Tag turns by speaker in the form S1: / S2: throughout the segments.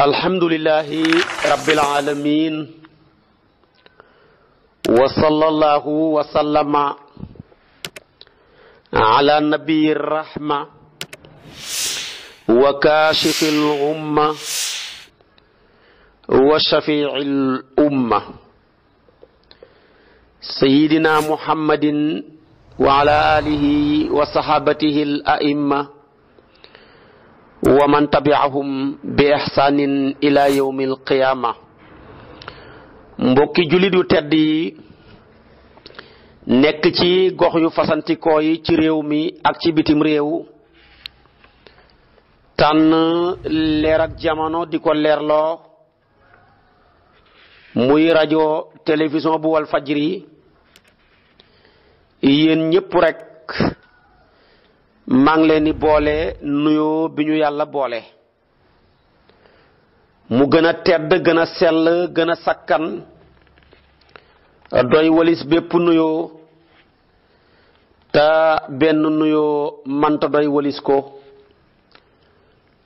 S1: الحمد لله رب العالمين وصلى الله وسلم على نبي الرحمة وكاشف الغمة وشفيع الأمة سيدنا محمد وعلى آله وصحابته الأئمة wa man tabi'ahum bi ihsanin ila yawmil qiyaama mbokki jullit yu tedd yi nekk ci gox yu fasantikoo yi ci réew mi ak ci bitim réew tànn leer ak jamono di ko leerloo muy rajo télévision bu Walfajri yéen ñépp rekk maa ngi leen di boole nuyoo bi ñu yàlla boole mu gën a tedd gën a sell gën a sakkan doy walis bépp nuyoo te benn nuyoo manta doy walis ko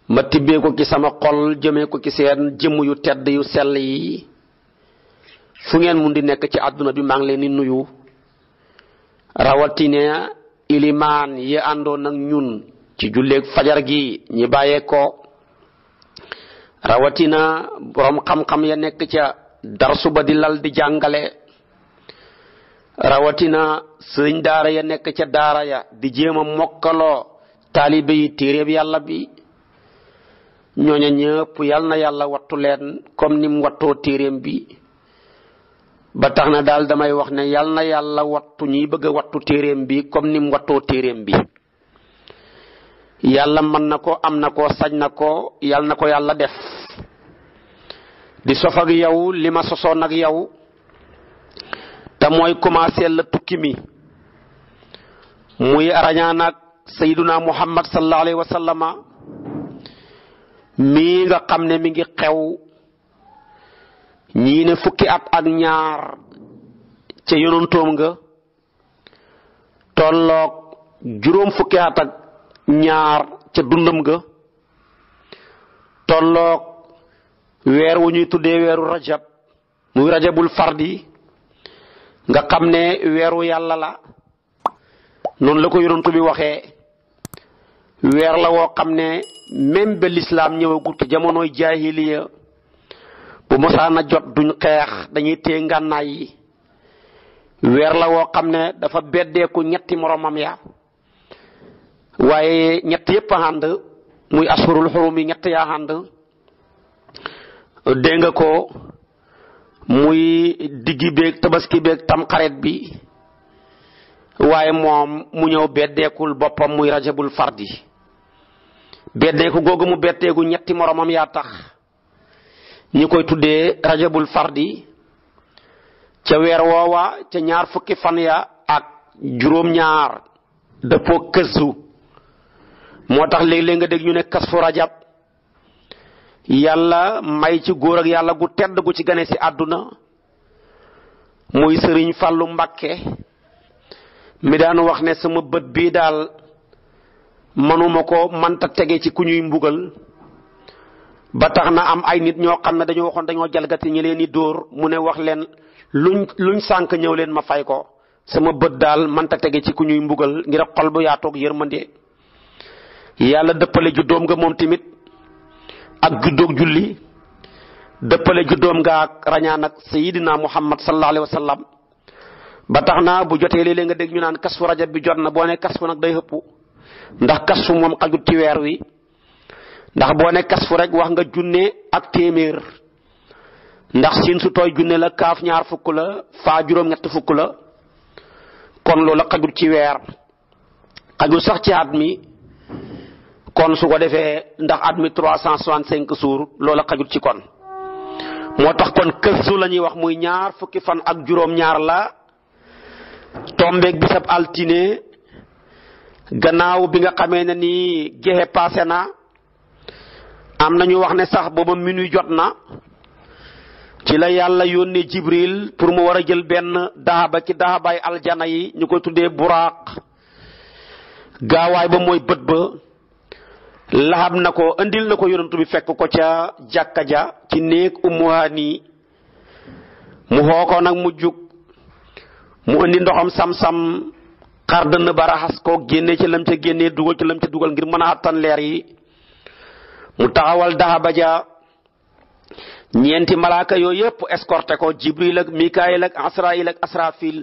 S1: ma tibbee ko ci sama xol jëmee ko ci seen jëmm yu tedd yu sell yi fu ngeen mun di nekk ci àdduna bi maa leen di nuyu rawatine ilimaan yi àndoon ak ñun ci julleeg fajar gi ñi bàyyee ko rawatina borom xam-xam ya nekk ca darsu ba di lal di jàngale rawatina sëñ daara ya nekk ca daara ya di jéem a mokkaloo taalibe yi téeréeb yàlla bi ñooña ñëpp yal na yàlla wattu leen comme ni wattoo téeréem bi ba tax na daal damay wax ne yal na yàlla wattu ñiy bëgg a wattu téeréem bi comme ni mu wattoo téeréem bi yàlla mën na ko am na ko sañ na ko yal na ko yàlla def di sof ak yow li ma sosoon ak yow te mooy commencé la tukki mi muy arañaan ak sayyiduna muhammad sallallahu alayhi mii nga xam ne mi ngi xew ñii ne fukki at ak ñaar ca yonantoom nga tolloog juróom fukki at ak ñaar ca dundam ga tolloog weer wu ñuy tuddee weeru rajab muy rajabul fardi nga xam ne weeru yàlla la noonu la ko yonantu waxee weer la woo xam ne même ba lislaam ñëwagul te jamonoy jaahiliya bu mosaana jot duñ xeex dañuy téye ngànnaay yi weer la woo xam ne dafa beddeeku ñetti moromam ya waaye ñett yépp ànd muy asfurul xurum yi ñett yaa ànd nga ko muy diggi beeg tabaski beeg tam xaret bi waaye moom mu ñëw beddeekul boppam muy rajabul fardi beddeeku googu mu betteegu ñetti moromam yaa tax ñu koy tuddee rajabul fardi ca weer woowa ca ñaar fukki fan ya ak juróom-ñaar dëppoo kësu moo tax léeg-léeg nga dégg ñu ne kas fu rajab yàlla may ci góor ak yàlla gu tedd gu ci gane ci àdduna muy sëriñ fàllu mbakke mi daan wax ne sama bët bii daal manuma ko manta tege ci ku ñuy mbugal ba tax na am ay nit ñoo xam ne dañoo waxoon dañoo jalgati ñi leen di dóor mu ne wax leen luñ luñ sànq ñëw leen ma fay ko sama bët daal mënta tege ci ku ñuy mbugal ngir a xol bu yaatoog yërmande yàlla dëppale juddoom nga moom tamit ak juddoog julli dëppale juddoom nga ak rañaan ak sayidina muhammad sallallahu alayhi wa sallam ba tax na bu jotee léeg-léeg nga dégg ñu naan kasfu rajab bi jot na boo ne kasfu nag day hëpp ndax kasfu moom xajut ci weer wi ndax boo ne kasfu rek wax nga junne ak téeméer ndax sin su tooy junne la kaaf ñaar fukk la faa juróom ñett fukk la kon loola xajul ci weer xajul sax ci at kon su ko defee ndax at mi 365 suur loola xajul ci kon moo tax kon këssu la wax muy ñaar fukki fan ak juróom ñaar la tombeeg bisab altine gannaaw bi nga xamee ne nii passé na am nañu wax ne sax booba minuit jot na ci la yàlla yónnee jibril pour mu war a jël benn daaba ci daabaay aljana yi ñu ko tuddee buraaq gaawaay ba mooy bët ba lahab na ko andil na ko bi fekk ko ca jàkka ja ci néeg ummuhaani mu xoo ko nag mu jug mu andi ndoxam sam-sam xar dënn ba raxas ko génne ci lam ca génnee dugal ci lam ca dugal ngir mën a attan yi mu taxawal daxaba ñeenti malaaka yooyu yëpp escorté ko jibril ak mikaayil ak asrail ak asrafil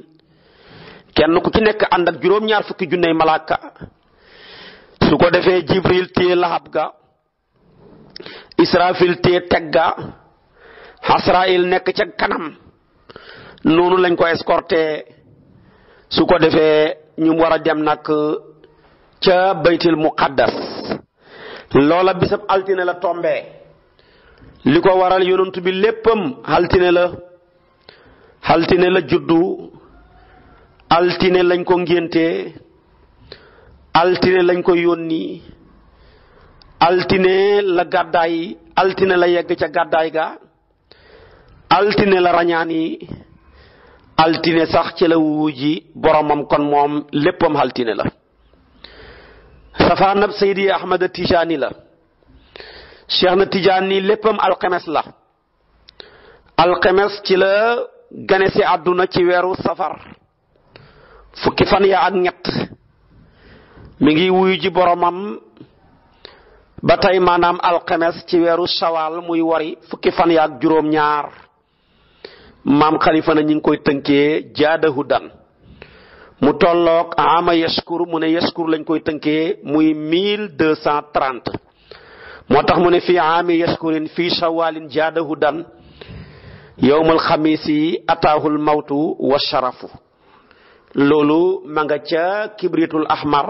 S1: kenn ku ci nekk ànd ak juróom-ñaar fukki junney malaaka su ko defee jibril téye laxab ga israfil téye teg ga asrail nekk ca kanam noonu lañ ko escorté su ko defee ñu war a dem nag ca baytil muqaddas loola bisab altine la tombee li ko waral yonent bi léppam altine la altine la juddu altine lañ ko ngéntee altine lañ ko yónni altine la gàddaay altine la yegg ca gàddaay ga altine la rañaan yi altine sax ci la wuuji boromam kon moom léppam altine la safaanab Seydi Ahmada Tijaani la Cheikh na Tijaani léppam alxemes la alxemes ci la gane ci àdduna ci weeru safar fukki fan ya ak ñett mu ngi wuyu ji boromam ba tey maanaam alxemes ci weeru sawaal muy wari fukki fan ya ak juróom ñaar maam xalifa na ñu ngi koy tënkee jaadahu dan mu tolloog ama yashkur mu ne yashkur lañ koy tënkee muy mille deux cent trente moo tax mu ne fii aami yashkurin fii shawalin jaadahu dan yowmal xamiisi ataahul mawtu wa sharafu loolu maga nga ca kibritul ahmar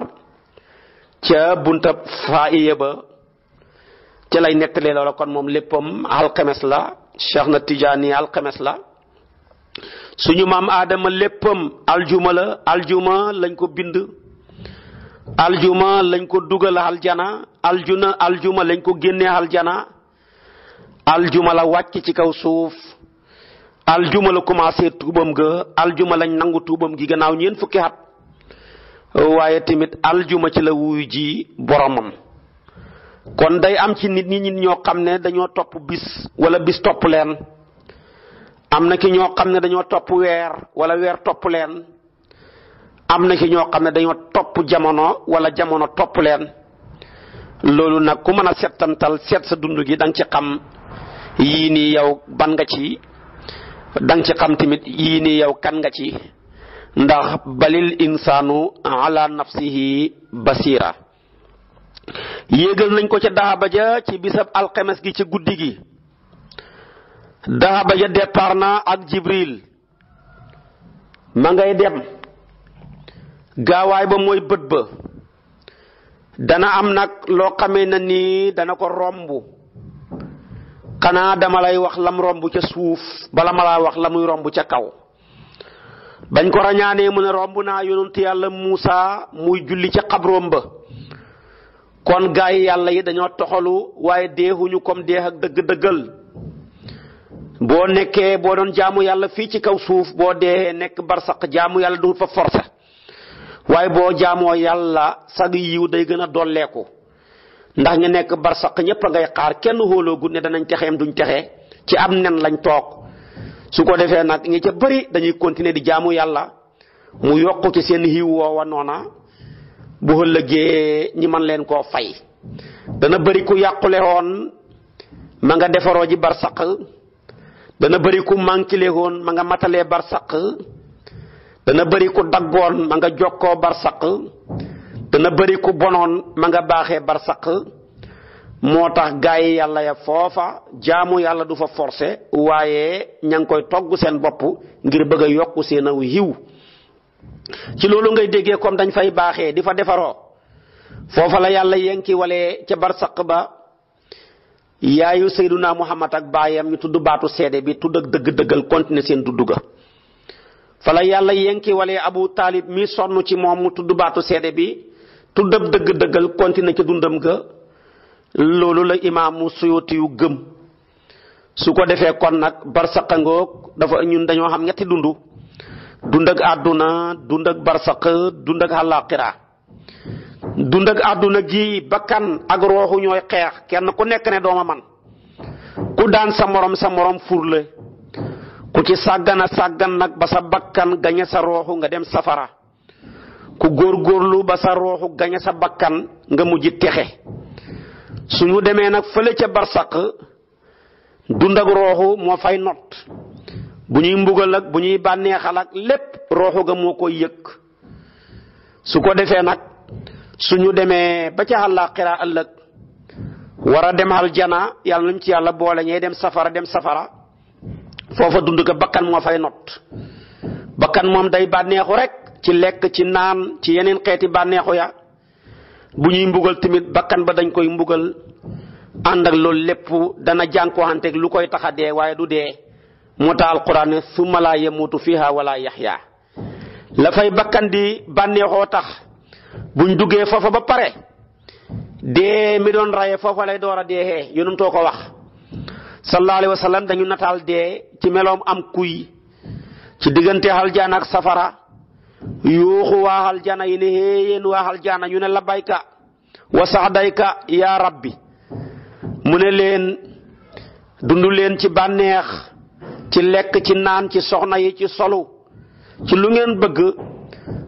S1: ca buntab faiya ba ca lay nettalee loola kon moom léppam alxames la cheikh na tijaani alxames la suñu mam aadama leppam aljuma la aljuma lañ ko bind aljuma lañ ko duggal aljana aljuna aljuma lañ ko génnee aljana aljuma la wacc ci kaw suuf aljuma la commencé tubam ga aljuma lañ nangu tubam gi gannaaw ñeen fukki hat waaye timit aljuma ci la wuyu ji boromam kon day am ci nit ñi ñoo xam dañoo topp bis wala bis topp leen am na ki ñoo xamne ne dañoo top weer wala weer top leen am ñoo xamne dañoo top jamono wala jamono top leen loolu nak ku mëna a settantal sa dundu gi dang ci xam yi ni yow ban nga ci dang ci xam timit yi ni yow kan nga ci ndax balil insanu ala nafsihi basira yéegal nañ ko ci daaba ja ci bisab alqamas gi ci guddigi dahaba ya départ ak jibril ma ngay dem gaway ba moy beut ba dana am nak lo xamé na ni dana ko rombu kana dama lay wax lam rombu ci suuf bala ma laa wax lamuy rombu ci kaw bañ ko rañane mu ne rombu na yonent yalla musa muy julli ci ba kon gaay yalla yi dañoo toxalu waye dehuñu comme deh ak deug deugal boo nekkee boo doon jaamu yàlla fii ci kaw suuf boo dee nekk barsaq jaamu yàlla du fa force waaye boo jaamoo yàlla sag yiw day gën a dolleeku ndax nga nekk barsaq ñépp a ngay xaar kenn xóoloogut ne danañ texeem duñ texe ci am nen lañ toog su ko defee nag ñi ca bëri dañuy continuer di jaamu yàlla mu yokku ci seen yiw woowa noona bu ëllëgee ñi man leen koo fay dana bëri ku yàqule woon ma nga defaroo ji barsaq dana bari ku mankile hon ma nga bar barsaq dana bari ku daggon ma nga bar barsaq dana bari ku bonon ma nga baaxee barsaq moo tax gaay yalla ya fofa jaamu yalla du fa forcé wayé ñang koy togg sen bop ngir bëgg yokku sen aw hiw ci lolu ngay déggé comme dañ fay baxé difa défaro fofa la yalla yenki ci bar ba yaayu sayduna muhammad ak baayam ñu tudd baatu seede bi tudd ak dëgg-dëggal continuer seen dudd ga fala yàlla yenki walee abu taalib mi sonn ci moom mu tudd baatu seede bi tudd ab dëgg-dëggal continuer ci dundam ga loolu la imaamu suyuti yu gëm su ko defee kon nag barsaqa ngoog dafa ñun dañoo xam ñetti dund dund ak àdduna dund ak barsaq dund ak àllaaxira dund ak aduna gi bakkan ak rooxu ñoy xex kenn ku nekk ne dooma man ku daan sa morom sa morom furle ku ci sagana sagan nag ba sa bakkan gañe sa rooxu nga dem safara ku góorgóorlu ba sa rooxu gañe sa bakkan nga mujj texe suñu demee nak fele ci barsak dund ak rooxu mo fay not buñuy mbugal ak buñuy banexal ak lépp ga moko koy su ko su ñu demee ba ca àllaaxira ëllëg war a dem aljana yàlla nañ ci yàlla boole ñee dem safara dem safara foofa dund ko bakkan moo fay not bakkan moom day bànneexu rek ci lekk ci naan ci yeneen xeeti bànneexu ya bu ñuy mbugal tamit bakkan ba dañ koy mbugal ànd ak loolu lépp dana jànk jànkuwanteeg lu koy tax a dee waaye du dee moo tax alquran ne summa laa yamuutu fiha wala yaxya la fay bakkan di bànneexoo tax buñ duggee foofa ba pare dee mi doon raye foofa lay door a deexee too ko wax sallallahu alayhi wa sallam dañu nataal dee ci meloom am kuy ci diggante aljana ak safara yuuxu waa aljana yi ne hee yéen waa aljana ñu ne labayka wa saxdayka yaa rabbi mu ne leen dund leen ci bànneex ci lekk ci naan ci soxna yi ci solu ci lu ngeen bëgg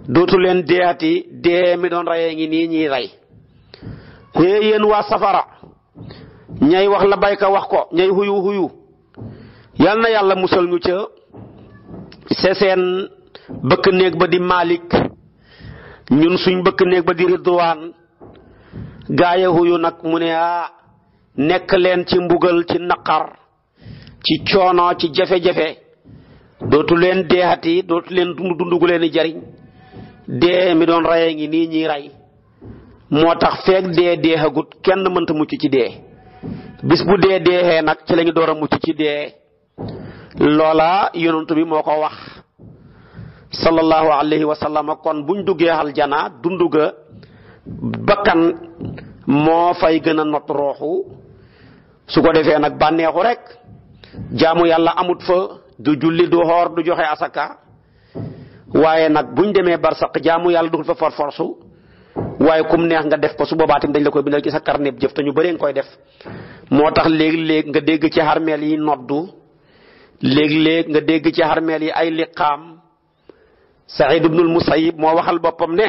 S1: dootu leen deeati dee mi doon rayee ngi nii ñuy rey hee waa safara ñay wax la bayka wax ko ñay huyu huyu yal na yàlla musal ñu ca seseen bëkk néeg ba di Malik ñun suñ bëkk néeg ba di Ridwaan gaaya huyu nag mu ne ah nekk leen ci mbugal ci naqar ci coono ci jafe-jafe dootu leen deexati dootu leen dund dund gu leen di jariñ dee mi doon rayee ngi nii ñuy rey moo tax feeg dee deexagut kenn mënta mucc ci dee bis bu dee deexee nag ci lañu door a mucc ci dee loola yonent bi moo ko wax sallallahu alayhi wa sallam bu buñ duggee aljana dundu ga bakkan moo fay gën a not rooxu su ko defee nag bànneexu rek jaamu yàlla amut fa du julli du xoor du joxe asaka waaye nag buñ demee barsaq jaamu yàlla dugul fa for forsu waaye kum neex nga def ko su boobaa tamit dañ la koy bindal ci sa carnet jëf te ñu bëree koy def moo tax léegi-léeg nga dégg ci xarmeel yi noddu léegi-léeg nga dégg ci xarmeel yi ay liqaam Saïd ibnul Musayyib moo waxal boppam ne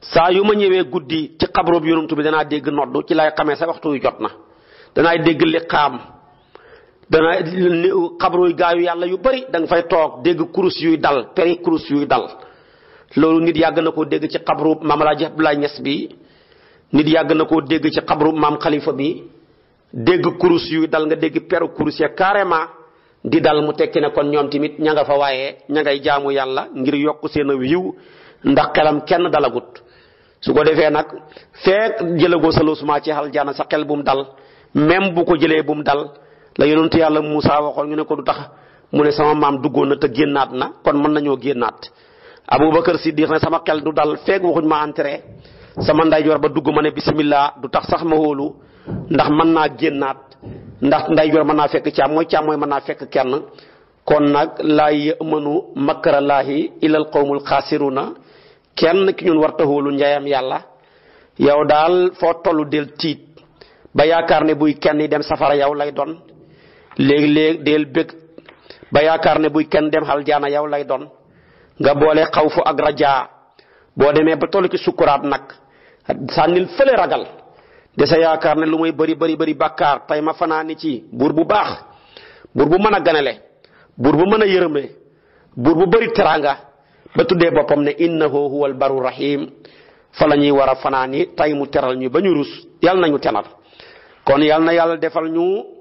S1: saa yu ma ñëwee guddi ci xabrob yonumtu bi danaa dégg noddu ci lay xamee sa waxtu yu jot na danaay dégg liqaam dana xabruy gaayu yàlla yu bari danga fay toog dégg kurus yuy dal peri kurus yuy dal loolu nit yàgg na koo dégg ci xabru maam Alaaji Abdoulaye Niass bi nit yàgg na koo dégg ci xabru maam Khalifa bi dégg kurus yuy dal nga dégg peru kurus ya carrément di dal mu tekki ne kon ñoom tamit ña nga fa waaye ña ngay jaamu yàlla ngir yokk seen aw yiw ndax xelam kenn dalagut su ko defee nag feek jëlagoo sa loosuma ci aljana sa xel bu mu dal même bu ko jëlee bu mu dal la yonent yalla Moussa waxoon ñu ne ko du tax mu ne sama mam duggo na te gennat na kon nañu gennat Abu bakkar siddiq ne sama xel du dal feeg waxuñ ma entrer sama jor ba dugg ma ne bismillah du tax sax ma holu ndax man na gennat ndax fekk moy ci am moy man na fekk kenn kon nag la yamanu makrallahi ilal alqawmul khasiruna kenn ki ñun warta holu yaudal yalla yow dal fo tollu del tit ba buy kenn dem safara yow lay don leg leg del bëgg ba yakar ne buy ken dem hal jana yaw lay don, nga bolé khawfu ak raja bo démé ba tollu ci sukurat nak sanil fele ragal de sa yakar ne lu bari bari bari bakar tay ma fanaani ci bur bu bax bur bu meuna ganalé ganale bu meuna a bur bu bari teranga ba tuddé bopam ne innahu huwal baru rahim fa la wara war a banyurus, mu teral ñu bañu rus yalla nañu tenal kon yalla na yalla defal ñu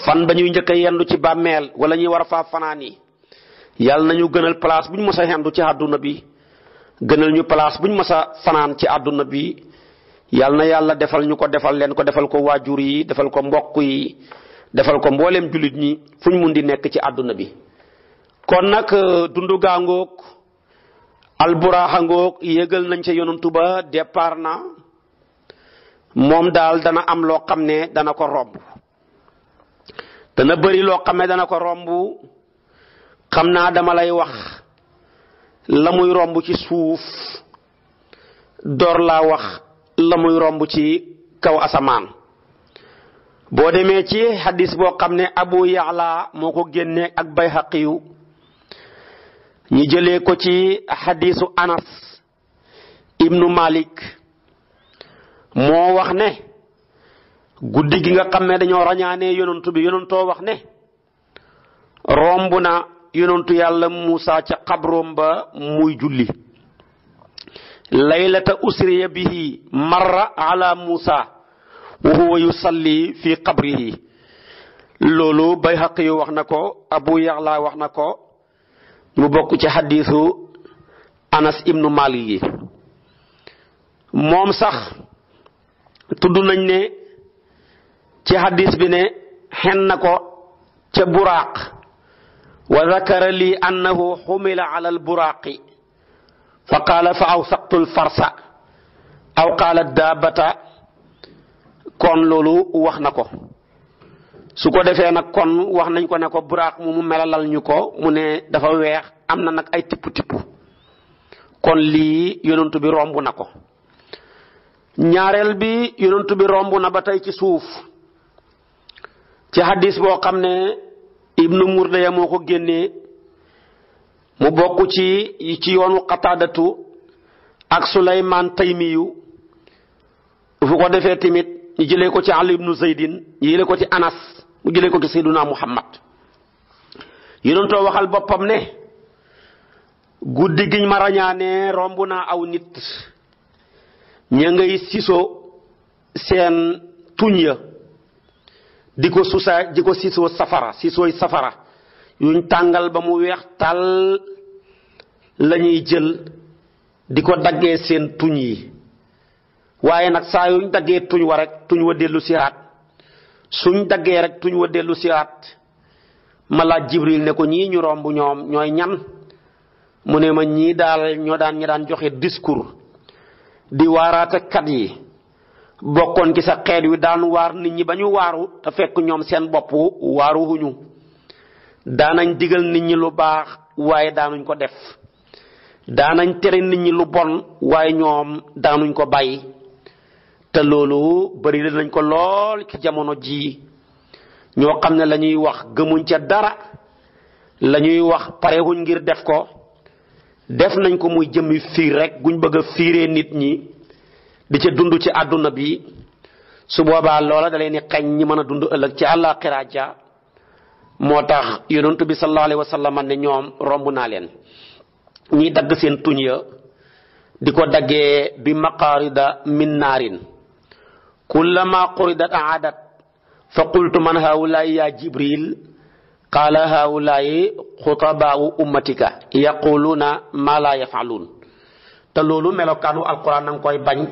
S1: fan ba ñëk njëkk yendu ci bammel wala ñi war fa fanani yàlla nañu gënal place buñu mësa yendu ci aduna bi gënal ñu place buñu mësa fanan ci aduna bi yal na yalla defal ñuko ko defal leen ko defal ko wajuri yi defal ko mbokk yi defal ko mbolem julit ñi fuñ mundi nekk ci aduna bi kon nak euh, dundu gangok alburaxa ngok yegal nañ ci yonantu ba départ na dana am lo xamne dana ko dana bari loo xam ne dana ko romb xam naa dama lay wax la muy romb ci suuf door la wax la muy romb ci kaw asamaan boo demee ci xadis boo xam ne abu ya'la moo ko génne ak bayhaqiyu ñu jëlee ko ci xadisu anas ibnu malik moo wax ne guddi gi nga xam ne dañoo rañaanee yonantu bi yonantoo wax ne romb na yonantu yàlla Muusa ca xabroom ba muy julli laylata usriya bihi marra ala Muusa wa huwa yusalli fi qabrihi loolu Bayhaqi wax na ko Abu Yaxla wax na ko mu bokk ci xadiisu Anas ibnu Malik yi moom sax tudd nañ ne ci hadis bi ne xen na ko ca buraaq wa zakara lii annahu xumila ala alburaaqi fa qaala fa awsaqtu alfarsa aw qaala daabata kon loolu wax na ko su ko defee nag kon wax nañ ko ne ko buraaq mu mu melalal ñu ko mu ne dafa weex am na nag ay tipp-tipp kon lii yonent bi romb na ko ñaareel bi yonent bi romb na ba tey ci suuf ci hadis boo xam ne ibnu murdaya moo ko génnee mu bokk ci ci yoonu qataadatu ak suleymaan taymiyu fu ko defee tamit ñu jëlee ko ci ali ibnu ko ci anas mu jëlee ko ci seyduna muhammad yonentoo waxal boppam ne guddi giñ ma rañaane romb naa aw nit ña ngay siso seen tuñ ya di susa di siso safara siso safara yuñ tangal ba mu wex tal lañuy jël di ko daggee seen tuñ yi waye nak sa yuñ daggee tuñ wa rek tuñ wa dellu sihaat suñ daggee rek tuñ wa delu sihaat ma jibril ne ko ñi ñu rombu ñom ñoy ñan mu ne ma ñi dal ño daan ñi daan joxe discours di warata kat yi bokkon ci sa xéet wi daan waar nit ñi ba ñu waaru te fekk ñoom seen bopp waaruwuñu daanañ digal nit ñi lu baax waaye daanuñ ko def daanañ tere nit ñi lu bon waaye ñoom daanuñ ko bàyyi te loolu bari nañ ko lool ci jamono ji ñoo xam ne wax gëmuñ ca dara la ñuy wax parewuñ ngir def ko def nañ ko muy jëmi fiir rek guñ bëgg a nit ñi di ci dundu ci aduna bi su boba lola da leen xagn ñi mën dundu dund ci Allah qiraja motax tax bi sallallahu alaihi wasallam ne ñom rombu na len ñi dag seen tuñ ya di ko bi maqarida min narin kullama quridat aadat fa qultu man haula ya jibril qala haula khutaba ummatika yaquluna ma la yaf'alun ta lolu melokanu alquran nang koy bagn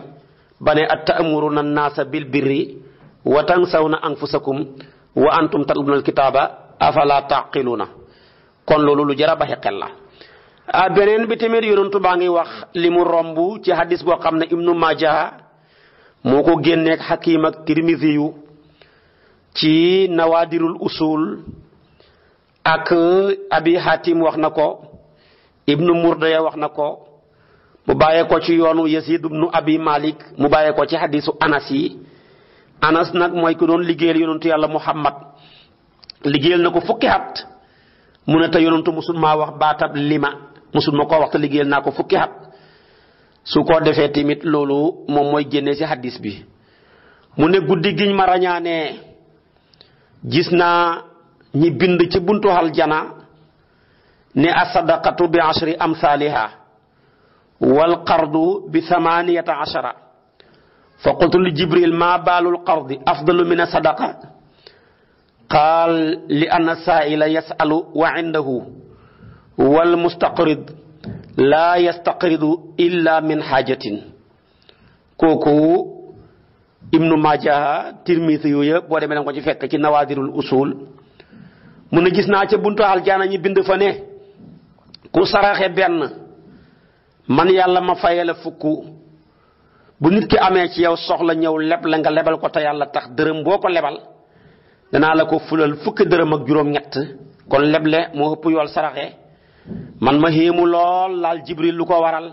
S1: ba ne at ta'muruna an-naasa bil birri wa tansawna anfusakum wa antum tatluna al-kitaaba afala taqiluna kon loolu lu jar a bàyyi la. ah beneen bi tamit yonentu baa ngi wax limu romb ci hadis boo xam ne Ibnu Maaja moo ko génneeg Hakim ak ci nawaadirul usul ak Abi Hatim wax na ko Ibnu Murdaya wax na ko. mu bàyyee ko ci yoonu Yasid ibnu Abi Malik mu bàyyee ko ci xadisu Anas yi Anas nag mooy ku doon liggéeyal yonentu yàlla Muhammad liggéeyal na ko fukki at mu ne te yonentu musul wax baatab lima musul ma koo wax te liggéeyal naa ko fukki at su ko defee tamit loolu moom mooy génne ci xadis bi mu ne guddi giñ ma rañaanee gis naa ñi bind ci buntu aljana ne asadaqatu bi ashri amsaaliha والقرض بثمانية عشر فقلت لجبريل ما بال القرض أفضل من الصدقة قال لأن السائل يسأل وعنده والمستقرض لا يستقرض إلا من حاجة كوكو ابن ماجه ترميثي يب بوري من الوجه فكك نوادر الأصول من جسنا بنتو الجانا يبند فنه كو سراخ بيانه man yàlla ma faye la fukk bu nit ki amee ci yow soxla ñëw leb la nga lebal ko te yàlla tax dërëm boo ko lebal danaa la ko fulal fukki dërëm ak juróom-ñett kon leble moo ëpp yool saraxe man ma héemu lool laal jibril lu ko waral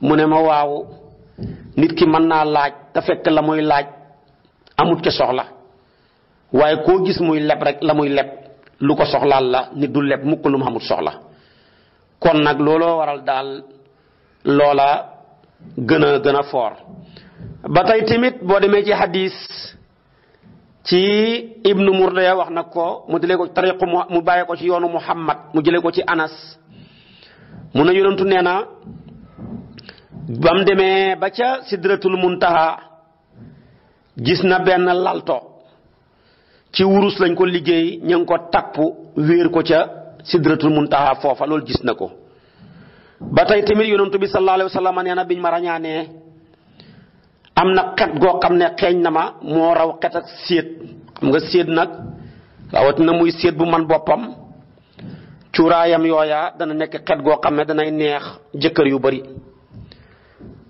S1: mu ne ma waaw nit ki mën naa laaj te fekk la muy laaj amut ci soxla waaye koo gis muy leb rek la muy leb lu ko soxlaal la nit du leb mukk lu mu soxla kon nag looloo waral daal loola gën a gën foor ba tey tamit boo demee ci hadis ci ibnu Murdaya wax nag ko mu jëlee ko tariqu mu bàyyee ko ci yoonu Muhammad mu jële ko ci Anas mun ne yonentu nee na ba demee ba ca sidratul muntaha gis na benn lalto ci wurus lañ ko liggéey ñu ngi ko tapp wéer ko ca sidratul taxa foofa loolu gis na ko ba tey tamit yonentu bi sallallahu alayhi wa sallam nee na biñ ma rañaanee am na xet goo xam ne xeeñ na ma moo raw xet ak séet xam nga séet nag na muy séet bu man boppam cuuraayam yooya dana nekk xet goo xam ne danay neex jëkkër yu bari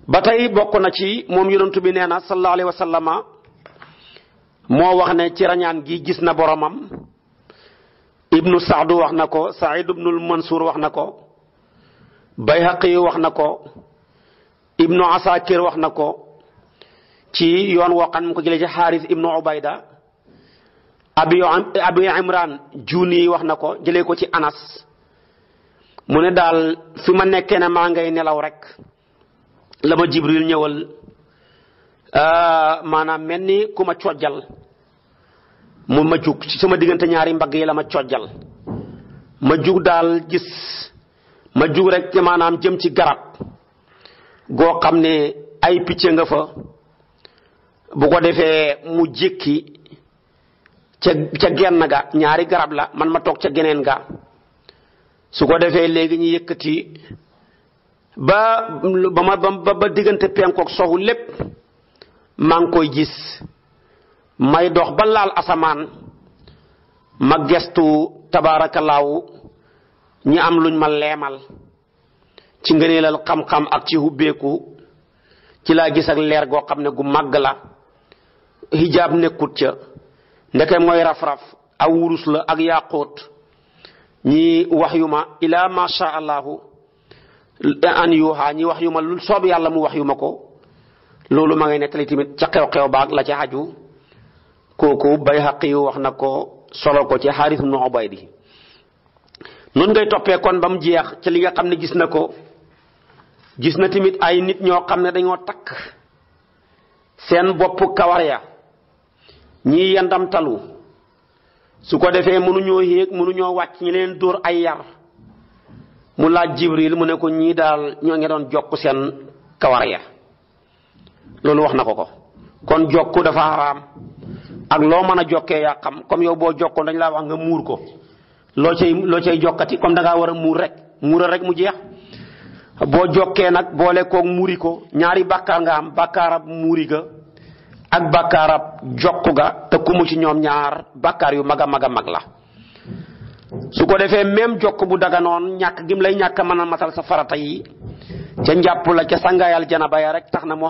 S1: ba tey bokk na ci moom yonentu bi nee na sallallahu alayhi wa moo wax ne ci rañaan gi gis na boromam ibnu saadu wax na ko said ibnul mansuur wax na ko bayhaqi wax na ko ibnu asakir wax na ko ci yoon woqan mu ko jëlee ci xaaris ibnu ubayda abi abi imran juni wax na ko jëlee ko ci anas mu ne daal fi ma nekkee ne maa ngay nelaw rek lama ma jibril ñëwal ah, maanaam mel ni ku ma cojjal mu ma jug ci sama digënté ñaari mbag yi la ma cojjal ma jug dal gis ma jug rek manam jëm ci garab go xamné ne ay piccé nga fa bu ko défé mu jikki ca genn ga ñaari garab la man ma tok ca geneen ga su ko défé légui ñi yëkëti ba ba ba ba diggante penkoog soxu lepp mang koy gis may dox ba laal asamaan ma gestu tabaarakallaahu ñi am luñ ma leemal ci ngëneelal xam-xam ak ci hubbeeku ci laa gis ak leer goo xam ne gu màgg la hijaab nekkut ca ndeke mooy raf-raf aw wurus la ak yaaquut ñi wax yu ma ilaa ma sha allahu an yuuxaa ñi wax yu ma lu soob yàlla mu wax yu ma ko loolu ma ngay nettali tamit ca xew-xew baag la ca xaju koku bay haqi wax na ko solo ko ci harith ibn ubaydi nun ngay topé kon bam jeex ci li nga xam gis nako gis na timit ay nit ño xam dañoo takk ya. yandam talu su ko ñoo heek munu ñoo wacc ñi leen ay yar mu laaj jibril mu ne ko ñi dal ñoo ngi don jokk sen kawarya lolu wax nako ko kon jokku dafa haram ak lo meuna jokke ya xam comme yow bo jokkoon dañ la wax nga mur ko lo cey lo cey jokati comme da nga wara mur rek mur rek mu jeex boo nak nag boole koog muri ko ñaari bakkar nga am ab muri ga ak ab jokku ga te mu ci ñom ñaar bakkar yu maga maga magla su ko defé même jokk bu daganoon ñàkk gim lay ñàkk mën matal sa farata yi ca ca sangayal janaba ya rek taxna mu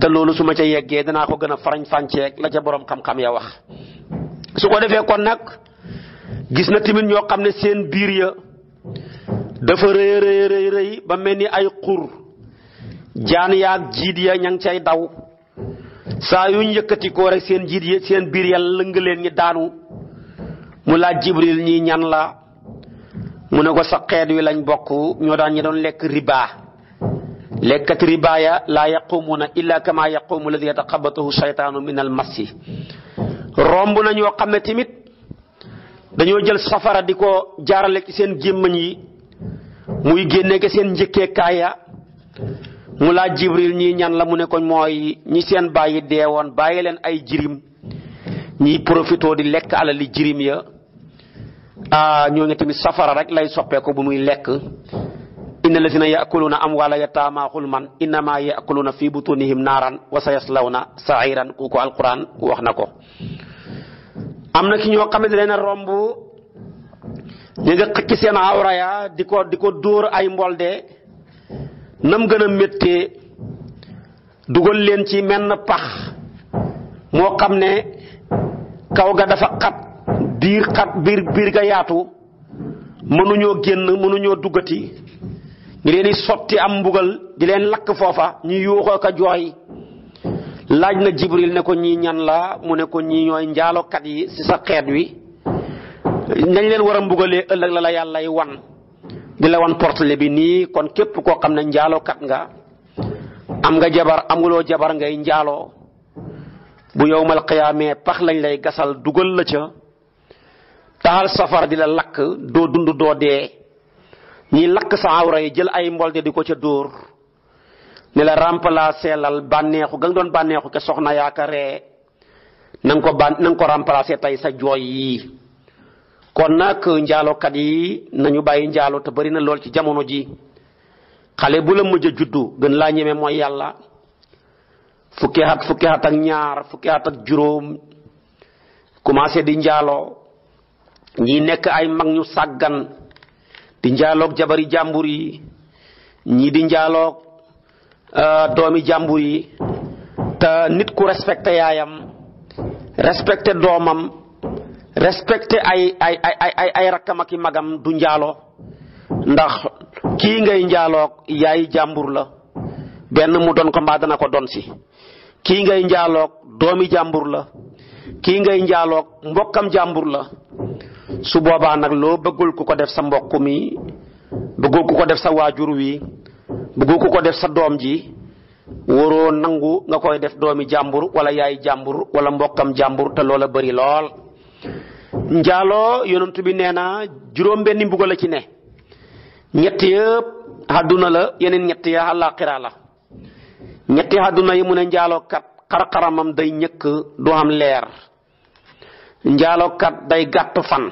S1: te loolu su ma ca yeggee danaa ko gën a farañ fànceeg la ca borom xam-xam ya wax su ko defee kon nag gis na tamit ñoo xam ne seen biir ya dafa rëy rëy rëy rëy ba mel ni ay xur jaan yaag jiit ya ña ngi cay daw saa yu yëkkati ko rek seen ya seen biir ya lëng leen ñi daanu mu laaj jibril ñi ñan la mu ne ko sa xeet wi lañ bokk ñoo daan ñi doon lekk riba lekkat ribaaya laa yaqumuuna illa kama yaqumu alladi yataqabatahu shaytaanu min al masi romb na ñoo xam ne tamit dañoo jël safara di ko jaarale ci seen gémmañ yi muy génne ke seen njëkkee kaaya mu laa jibril ñii ñan la mu ne ko mooy ñi seen bàyyi deewoon woon bàyyi leen ay jirim ñiy profitoo di lekk alali jirim ya a ñoo ngi tamit safara rek lay soppeeku bu muy lekk innal ladhina ya'kuluna amwala yatama khulman innama ya'kuluna fi butunihim naran wasayaslawna sa'iran kuku ko alquran ku wax amna ki ñoo xamé dina rombu ñi nga xëc seen ya diko diko door ay mbolde nam gëna metté dugal leen ci menn pax moo xam ne kaw ga dafa xat di leen di sotti am mbugal di leen lakk foofa ñu yuuxoo ka jooy laaj na jibril ne ko ñii ñan la mu ne ko ñii ñooy njaalokat yi si sa xeet wi nañ leen war a mbugalee ëllëg la la yàlla wan di la wan portele bi nii kon képp koo xam ne njaalokat nga am nga jabar amuloo jabar ngay njaaloo bu yowmal qiyaamee pax lañ lay gasal dugal la ca taal safar di la lakk doo dund doo dee ñi lakk sa awra yi jël ay mbolte di ko ca dóor ni la remplacer lal bànneexu ga doon bànneexu ke soxna yaakaaree nang ko ban nang ko remplacer tay sa joy yi kon njaalo kat yi nañu bàyyi njaalo te bari na lol ci jamono ji xale bu la mujjë juddu gën la ñëmé moy yalla fukki fukki ak ñaar fukki ak juroom commencé di njaalo ñi nekk ay mag ñu saggan di njaalok jabari jamburi, ñi di eh, jamburi, doomi jamburi ta nit ku respecté yaayam respecté domam respecté ay ay ay ay ay rakam ak magam du njaalo ndax ki ngay njaalok yaay jambur la ben mu don ko mbaa dana ko don si ki ngay njaalok doomi jambur la ki ngay njaalok mbokam jambur la su boobaa nag loo bëggul ku ko def sa mbokk mi bëggul ku ko def sa waajur wi bëggul ku ko def sa doom ji waroo nangu nga koy def doomi jàmbur wala yaay jàmbur wala mbokkam jàmbur te loola bari lool njaaloo yonent bi nee na juróom benni mbugal la ci ne ñett yëpp àdduna la yeneen ñetti ya àllaaxira la ñetti àdduna yi mu ne njaaloo kat xar-xaramam day ñëkk du am leer njaaloo njaalookat day gàtt fan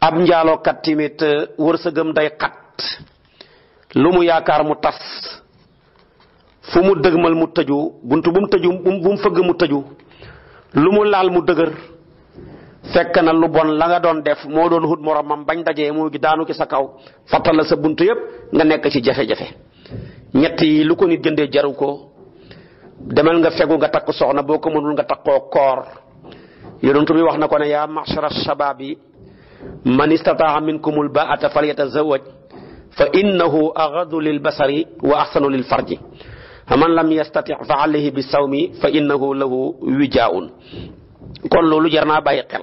S1: ab njaalookat timit euh, wërsëgam day xat lu mu yaakaar mu tas fu mu dëgmal mu tëju bunt bu mu fëgg mu tëju lu mu laal mu dëgër fekk na lu bon la nga doon def moo doon xut moromam bañ dajee mu daanu ci sa kaw fattal la sa bunt yépp nga nekk ci jafe-jafe ñett yi lu ko nit jëndee jaru ko demal nga fegu nga takk soxna boo ko mënul nga takkoo koor يرنتو بي واخنا na يا معشر الشباب من استطاع منكم man فليتزوج فإنه أغض للبصر fa innahu فمن لم basari wa بالصوم فإنه farji وجاء كون لولو fa باي bi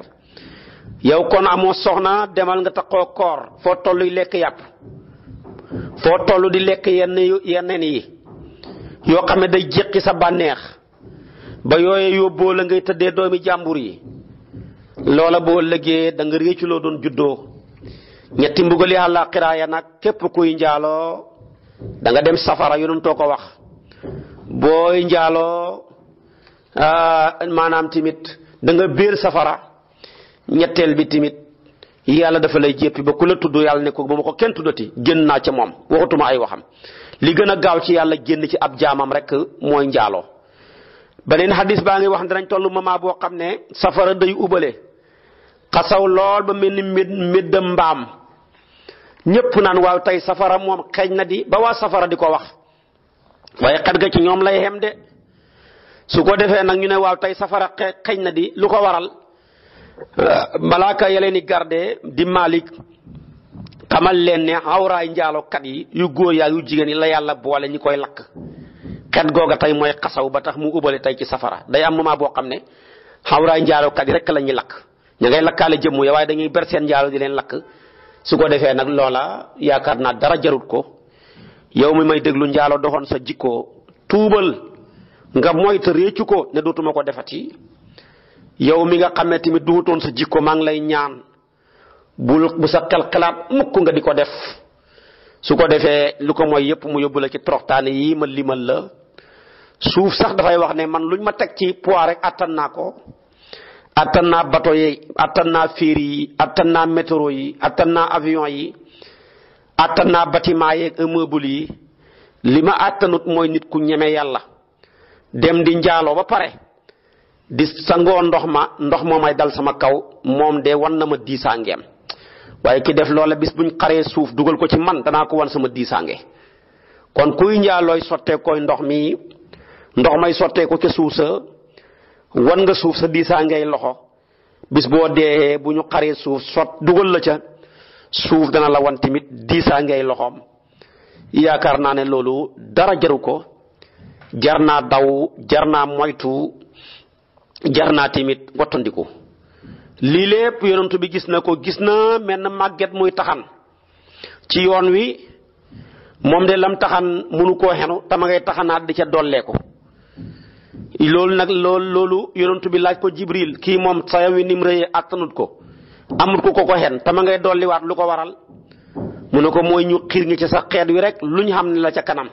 S1: ياو كون innahu سخنا wijaun nga takko kor fo toll lek yap fo toll di lek yenn yeneen yi yo xam day jéqi sa banex ba yooye yóbboo la ngay tëddee doomi jàmbur yi loola boo lëggee danga nga doon juddoo ñetti mbugal yi àllaaxira nag képp kuy njaaloo danga dem safara yonum too ko wax booy njaaloo ah, maanaam timit danga nga biir safara ñetteel bi timit yàlla dafa lay jéppi ba ku tudd yàlla ne ko ba ma ko kenn tuddati génn naa ca moom waxatuma ay waxam li gën a gaaw ci yàlla génn ci ab jaamam rek mooy njaaloo beneen xadis baa ngi wax ne danañ tollu moment boo xam ne safara day ubale xasaw lool ba mel ni mid midda mbaam ñépp naan waaw tey safara moom xeeñ na di ba waa safara di ko wax waaye xet ga ci ñoom lay xem de su ko defee nag ñu ne waaw tey safara xeeñ na di lu ko waral malaaka ya leen di garde di Malik xamal leen ne awraay njaalokat yi yu góor yaa yu jigéen yi la yàlla boole ñi koy lakk kat goga tay moy xassaw ba tax mu ubalé tay ci safara day am moment bo xamné ne ndialo kat rek lañu lak lakk ngay ya way dañuy ber sen ndialo di len lak su ko defee nak lola yaakar na dara jarut ko yow mi may deglu ndialo doxon sa jikko tuubal nga te reccu ko ne dootuma ko defati yow mi nga xamé timi duutoon sa jikko maa ngi lay ñaan bul bu sa xel xalaat mukk nga diko def su ko defee lu ko mooy yépp mu yóbbu ci yi ma limal la suuf sax dafay wax ne man luñ ma teg ci poids rek attan naa ko attan naa bato yi attan naa ferry yi attan naa métro yi attan naa avion yi attan naa bâtiment yi ak immeuble yi li ma àttanut mooy nit ku ñeme yàlla dem di njaaloo ba pare di sangoo ndox ma ndox moo may dal sama kaw moom de wan na ma diisaangeem waaye ki def loole bis buñ xaree suuf dugal ko ci man danaa ko wan sama diisaange kon kuy njaalooy sottee koy ndox mi ndox may ko ca suuf sa wan nga suuf sa diisaa ngay loxo bis boo dee bu ñu xaree suuf sot dugal la ca suuf dana la wan tamit diisaa ngay loxom yaakaar naa ne loolu dara jaru ko jar naa daw jar naa moytu jar naa tamit wattandiku lii lépp bi gis na ko gis na menn màgget muy taxan ci yoon wi moom de lam taxan munu koo xenu tama ngay taxanaat di ca ko loolu nag loolu loolu yonentu bi laaj ko Jibril kii moom sayam wi nim mu rëyee ko amut ko ko ko xen tama ngay dolliwaat lu ko waral mu ne ko mooy ñu xiir ngi ci sa xeet wi rek lu ñu xam ne la ca kanam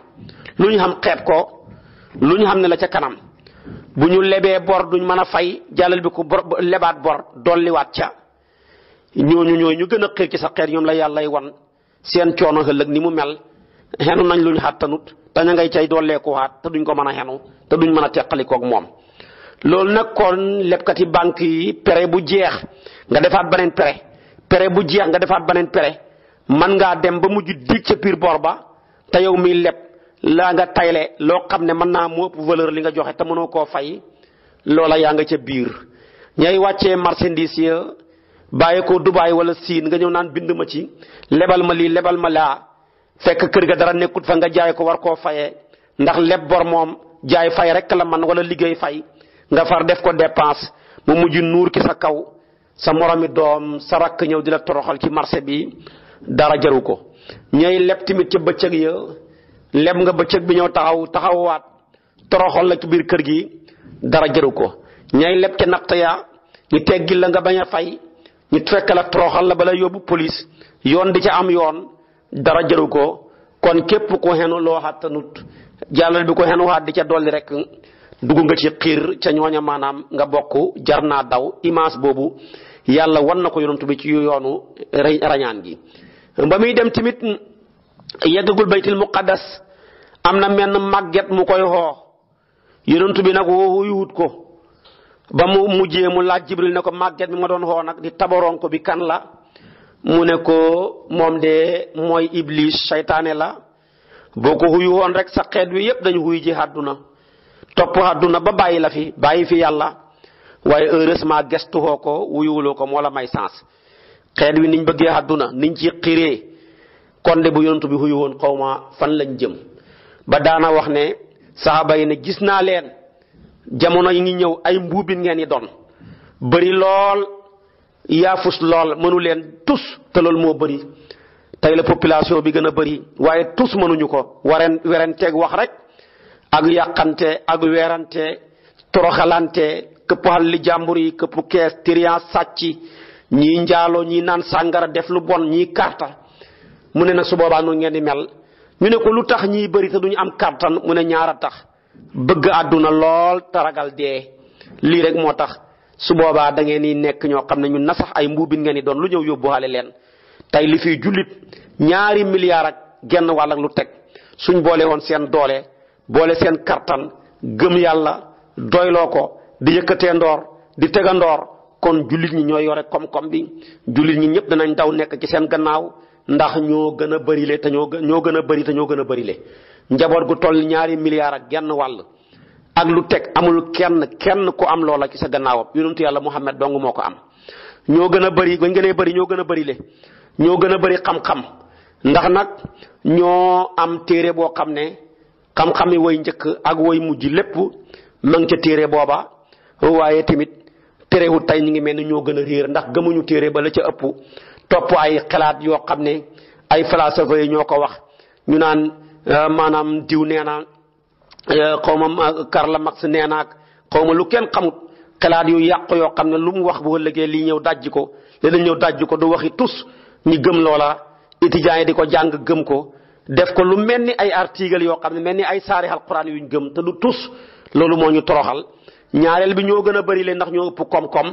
S1: lu ñu xam xeet ko lu xam ne la ca kanam bu ñu lebee bor duñ mën a fay jàllal bi ko bor lebaat bor dolliwaat ca ñooñu ñooy ñu gën a xiir ci sa xeet ñoom la yàllay won seen coono ëllëg ni mu mel xenu nañ luñ xàttanut te ña ngay cay dolleeku waat te duñ ko mën a xenu te duñ mën a teqalikoog moom loolu nag kon lebkati bank yi pere bu jeex nga defaat beneen pere pere bu jeex nga defaat beneen pere man ngaa dem ba mujj dig ca piir bor ba te yow mi leb la nga tayle loo xam ne mën naa mu ëpp valeur li nga joxe te mënoo koo fay loola yaa nga ca biir ñay wàccee marchandise ya bàyyi ko dubaay wala siin nga ñëw naan bind ci lebal ma lii lebal ma laa fekk kër ga dara nekkut fa nga jaay ko war koo fayee ndax leb bor moom jaay fay rek la man wala liggéey fay nga far def ko dépense mu mujj nuur ki sa kaw sa moromi doom sa rakk ñëw di la toroxal ci marché bi dara jaru ko ñay leb timit ci bëccëg ya leb nga bëccëg bi ñëw taxaw taxawaat toroxal la ci biir kër gi dara jaru ko ñay leb ci natt ya ñu teggil la nga bañ a fay ñu fekk la toroxal la bala yóbbu police yoon di ci am yoon dara jëru ko kon képp ku xenu loo xàttanut jàllal bi ko xenu xaat di ca dolli rek dugg nga ci xiir ca ñooña maanaam nga bokk jar naa daw image boobu yàlla wan na ko yonent bi ci yoonu rañaan gi ba muy dem tamit yeggagul baytil muqaddas am na menn màgget mu koy xoo yonent bi nag woo wut ko
S2: ba mu mujjee
S1: mu laaj jibril ne ko màgget bi ma doon xoo nag di tabaron ko bi kan la mu ne ko moom de mooy iblis seytaane la boo ko xuyu woon rek sa xeet wi yépp dañu xuy ji àdduna topp àdduna ba bàyyi la fi bàyyi fi yàlla waaye heureusement gestuwoo ko wuyuwuloo ko moo la may sens xeet wi niñ bëggee àdduna niñ ci xiree kon de bu yonent bi xuyu woon xaw fan lañ jëm ba daana wax ne saxaaba yi ne gis naa leen jamono yi ngi ñëw ay mbuubin ngeen yi doon bëri lool yaafus lool mënu leen tus te loolu moo bëri tey la population bi gën a bëri waaye tus mënuñu ko waren werenteeg wax rek ak yàqante ak werante toroxalante këpp xal li jàmbur yi këpp kees tiriyan sàcc ñii njaalo ñii naan sàngara def lu bon ñi karta mu ne nag su boobaa noonu ngeen di mel ñu ne ko lu tax ñi bëri te duñu am kartan mu ñaara tax bëgg àdduna lool taragal dee lii rek moo su boobaa da ngeen di nekk ñoo xam ne ñu nasax ay mbuubin ngeen di doon lu ñëw yóbbuwaale leen tey lu fiy jullit ñaari milliards ak genn wàll ak lu teg suñ boole woon seen doole boole seen kartan gëm yàlla doyloo ko di yëkkatee di tega kon jullit ñi ñooy yore koom-koom bi jullit ñi ñëpp danañ daw nekk ci seen gannaaw ndax ñoo gën a bërile te ñoo ñoo gën a bëri te gën a bërile njaboot gu toll ñaari milliards ak genn wàll ak lu teg amul kenn kenn ku am loola ci sa gannaawam yonentu yàlla Muhammad dong moo ko am ñoo gën a bëri bañ gënee bëri ñoo gën a bëri ñoo gën a bari xam-xam ndax nag ñoo am téere boo xam ne xam-xam yi woy njëkk ak woy mujj lépp ma ngi ca téere booba waaye tamit téerewut tey ñu ngi mel ni ñoo gën a réer ndax gëmuñu téere ba la ca ëpp topp ay xalaat yoo xam ne ay philosophe yi ñoo ko wax ñu naan euh, maanaam diw nee na xawma karla max neena anak xawma lu kenn xamut xalaat yu yàq yoo xam ne lu mu wax bu ëllëgee lii ñëw dajj ko li la ñëw ko du waxi tus ñi gëm loola itijaay di ko jàng gëm ko def ko lu mel ni ay artigal yoo xam ne ni ay saari alquran yuñ gëm te du tus loolu moo ñu toroxal ñaareel bi ñoo gën a bëri leen ndax ñoo ëpp kom-kom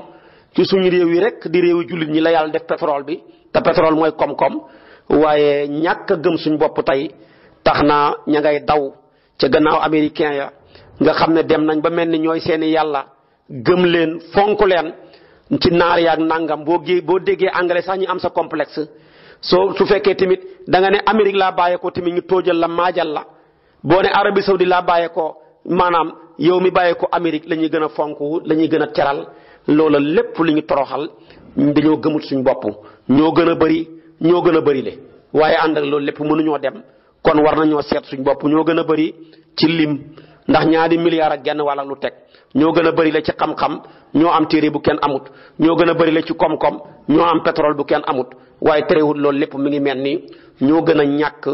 S1: ci suñu réew yi rek di jullit ñi la yàlla def pétrole bi te pétrole mooy kom kom waaye ñàkk gëm suñ bopp tey tax na daw ca gannaaw américain ya nga xam ne dem nañ ba mel ni ñooy seeni yàlla gëm leen fonk leen ci naar yaak nangam boo gé boo déggee anglais sax ñu am sa complexe soo su fekkee tamit danga ne Amérique laa bàyyeekoo tamit ñu toojal la maajal la boo ne Arabie Saoudi laa bàyyeekoo maanaam yow mi bàyyeekoo Amérique la ñuy gën a fonk la ñuy gën a teral loola lépp lu ñu toroxal dañoo gëmut suñ bopp ñoo gën a bëri ñoo gën a bëri le waaye ànd ak loolu lépp mënuñoo dem kon war nañu seet suñ bop ñoo gëna bari ci lim ndax ñaari milliards ak genn wala lu tek ñoo gëna bari la ci xam-xam ñoo am téré bu kenn amut ñoo gëna bari la ci kom kom ñoo am pétrole bu kenn amut waaye terewul lool lepp mi ngi melni ñoo gëna ñak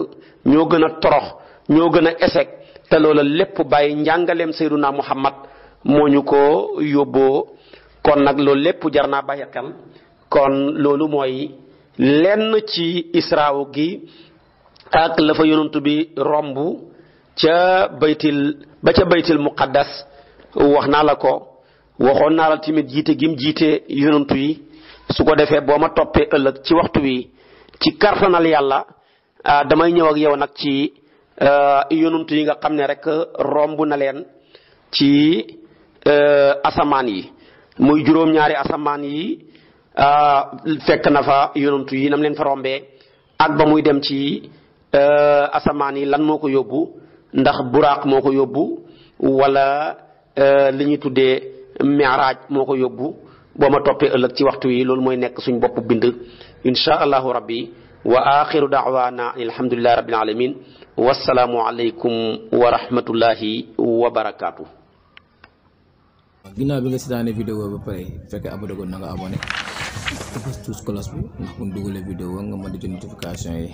S1: ñoo gëna torox ñoo gëna a échec te loolu lepp bàyyi njàngaleem sayduna muhammad moo ñu ko yóbboo kon nag loolu lépp jar naa bàyyi xel kon loolu mooy lenn ci israaw gi ak lafa fa bi romb ca baytil ba ca baytil muqaddas wax naa la ko waxoon naa la tamit jiite gim jiite yonent yi su ko defee boo ma toppee ëllëg ci waxtu wi ci kartanal yàlla ah, damay ñëw ak yow nag ci ah, yonent yi nga xam ne rek romb na leen ci eh, asamaan yi muy juróom-ñaari asamaan yi ah, fekk na fa yonent yi nam leen fa rombee ak ba muy dem ci Euh, asamaan yi lan moo ko yóbbu ndax buraaq moo ko yóbbu wala euh, li ñu tuddee miraaj moo ko yóbbu boo ma toppee ëllëg ci waxtu yi loolu mooy nekk suñ bopp bind insha allahu rabbi wa axiru daawaana alhamdulillahi rabbil alamin wassalaamu aleykum wa rahmatullahi wa bi nga seetaanee vidéo ba pare fekk abonné goon na nga abonné bu ñu dugalee nga mën di jot notification yi